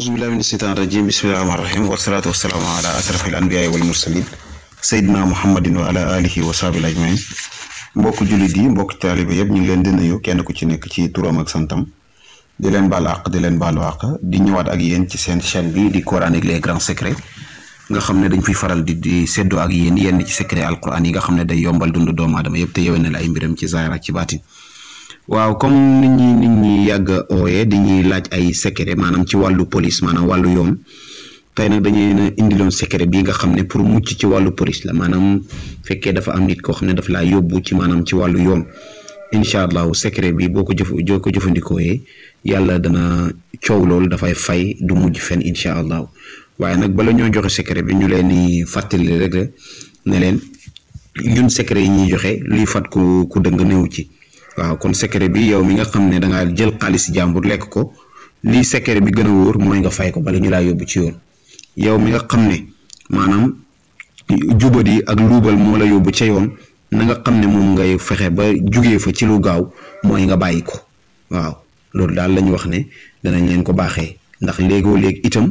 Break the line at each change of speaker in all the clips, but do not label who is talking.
أعوذ بالله من الشيطان الرجيم بسم الله الرحمن الرحيم والصلاة والسلام على أشرف الأنبياء والمرسلين سيدنا محمد وعلى آله وصحبه أجمعين mbokk jullit yi mbokk taalibe yëpp ñu ngi leen di nuyu kenn ku ci nekk ci turam ak santam di leen baal àq di leen baalu àq di ñëwaat ak yéen ci seen chaîne bi di Coran ak les grands secrets nga xam ne dañ fiy faral di di seddoo ak yéen yenn ci secret alquran yi nga xam ne day yombal dund doomu aadama yëpp te yewénal ay mbiram ci zaahir ak ci baatin waaw comme nit ñi nit ñi yàgg a di ñuy laaj ay secret maanaam ci wàllu police maanaam wàllu yoon tey nag dañuy na indiloon secret bi nga xam ne pour mucc ci wàllu police la maanaam fekkee dafa am nit koo xam ne daf laa yóbbu ci maanaam ci wàllu yoon incha allahu secret bi boo ko jëf boo ko jëfandikoo yàlla dana coow loolu dafay fay du mujj fenn incha allahu waaye nag bala ñoo joxe secret bi ñu leen di fàttali rek ne leen ñun secret yi ñuy joxe luy fat ku ku dëng néew ci. waaw kon secret bi yow mi nga xam ne danga jël xaalis jàmbur lekk ko lii secret bi gën a wóor mooy nga fay ko bala ñu laa yóbbu ci yoon yow mi nga xam ne maanaam jubadi ak luubal moo la yóbbu ca yoon na nga xam ne moom ngay fexe ba jugee fa ci lu gaaw mooy nga bàyyi ko waaw loolu daal la wax ne danañ leen ko baaxee ndax léegoo léegi itam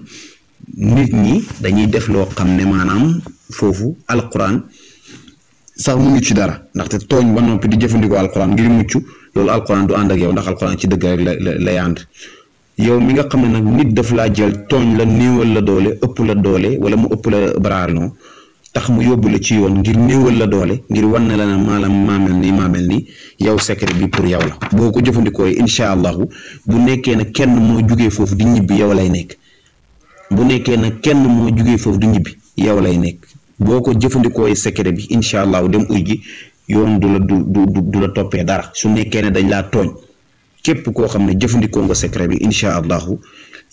nit ñi dañuy def loo xam ne maanaam foofu alquran. sax mënu ci dara ndaxte tooñ ba noppi di jëfandikoo alxuraan ngir mucc loolu alxuraan du ànd ak yow ndax alxuraan ci dëgg rek la lay ànd yow mi nga xam ne nag nit daf laa jël tooñ la néewal la doole ëpp la doole wala mu ëpp la baraarlon tax mu yóbbu la ci yoon ngir néewal la doole ngir wan na la ne maanaam maamel nii maamel ni yow secret bi pour yow la boo ko jëfandikoo incha allahu bu nekkee ne kenn moo jugee foofu di ñibbi yow lay nekk bu nekkee ne kenn moo jugee foofu di ñibbi yow lay nekk boo ko jëfandikoo secret bi incha allah dem uy ji yoon du la du du du la toppee dara su nekkee ne dañ laa tooñ képp koo xam ne jëfandikoo nga secret bi incha allahu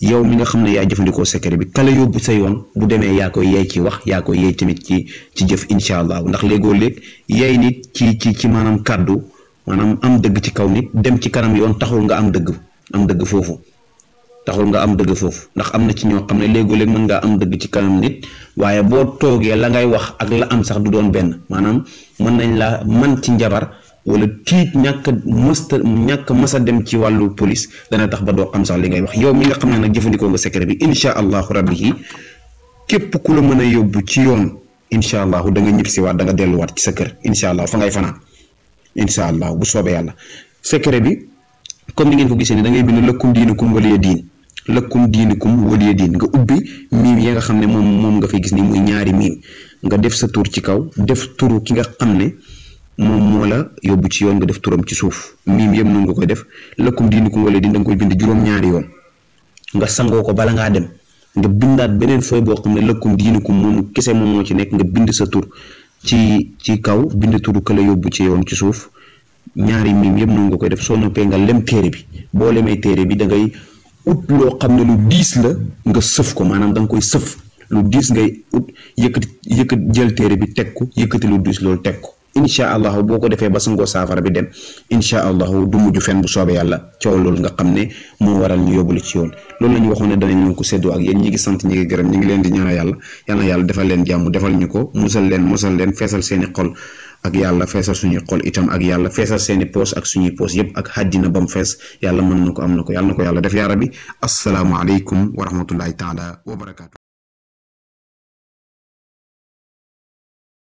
yow mi nga xam ne yaa jëfandikoo secret bi kala yóbbu sa yoon bu demee yaa koy yey ci wax yaa koy yey tamit ci ci jëf incha allahu ndax léegoo léeg yey nit ci ci ci maanaam kàddu maanaam am dëgg ci kaw nit dem ci kanam yoon taxul nga am dëgg am dëgg foofu. taxul nga am dëgg fofu ndax am na ci ñoo xamne ne léegoo-léeg nga am dëgg ci kanam nit waye ya toogee la ngay wax ak la am sax du doon ben manam mën nañ la man ci njabar wala tiit ñak mësta ñak mësa dem ci walu police dana tax ba do xam sax li ngay wax yow mi nga xamne nak jëfëndiko nga secret bi insha allahu rabbi képp ku la mëna yobbu ci yoon insha allahu da nga ñibsi siwaat da nga delluwaat ci sa kër insha allahu fa ngay fana insha allahu bu soobee yalla secret bi comme ni ngeen ko gisee ni da ngay bind lëkkum diinu kum lakkum diinikum waliya diin nga ubbi miim nga xam ne moom moom nga fay gis ni ñaari miim nga def sa tur ci kaw def turu ki nga xam ne moom moo la ci yoon nga def turam ci suuf miim yëpp noonu nga koy def lakkum diinikum waliya diin da koy bind juróom-ñaari yoon nga sangoo ko bala ngaa dem nga bindaat beneen fooy boo xam ne lakkum diinikum moom kese moom moo ci nekk nga bind sa tur ci ci kaw bind turu ka yóbbu ci yoon ci suuf ñaari miim yëpp noonu nga koy def soo noppee nga lem téere bi boo lemee téere bi da ut loo xam ne lu diis la nga sëf ko maanaam da nga koy sëf lu diis ngay ut yëkkati yëkkat jël téere bi teg ko yëkkati lu diis loolu teg ko incha allahu boo ko defee ba sangoo saafara bi dem incha allahu du mujj fenn bu soobee yàlla coow loolu nga xam ne moo waral ñu yóbbu la ci yoon loolu la ñu waxoon ne danañ leen ko séddoo ak yéen ñi ngi sant ñi ngi gërëm ñi ngi leen di ñaanal yàlla na yàlla defal leen jàmm defal ñu ko musal leen musal leen feesal seeni xol ak yàlla feesal suñuy xol itam ak yàlla feesal seeni poos ak suñuy poos yépp ak xàddina bam fees yàlla mën na ko am na ko yàlla na ko yàlla def yaa rabbi assalaamu aleykum wa rahmatullahi taala wa barakaatu